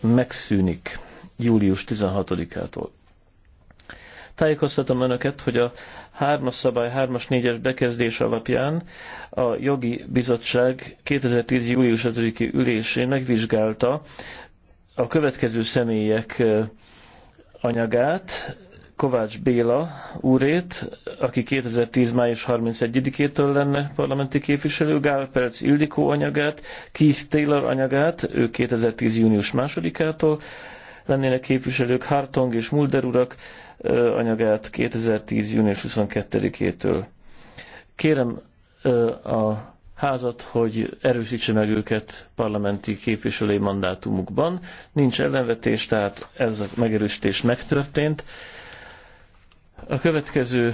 megszűnik július 16-ától. Tájékoztatom Önöket, hogy a hármas szabály hármas négyes bekezdés alapján a jogi bizottság 2010. július 5-i ülésén megvizsgálta a következő személyek eh, anyagát, Kovács Béla úrét, aki 2010. május 31-től lenne parlamenti képviselő, Gál Perc Ildikó anyagát, Keith Taylor anyagát, ő 2010. június 2-től lennének képviselők, Hartong és Mulder urak anyagát 2010. június 22-től. Kérem a házat, hogy erősítse meg őket parlamenti képviselői mandátumukban. Nincs ellenvetés, tehát ez a megerősítés megtörtént. A következő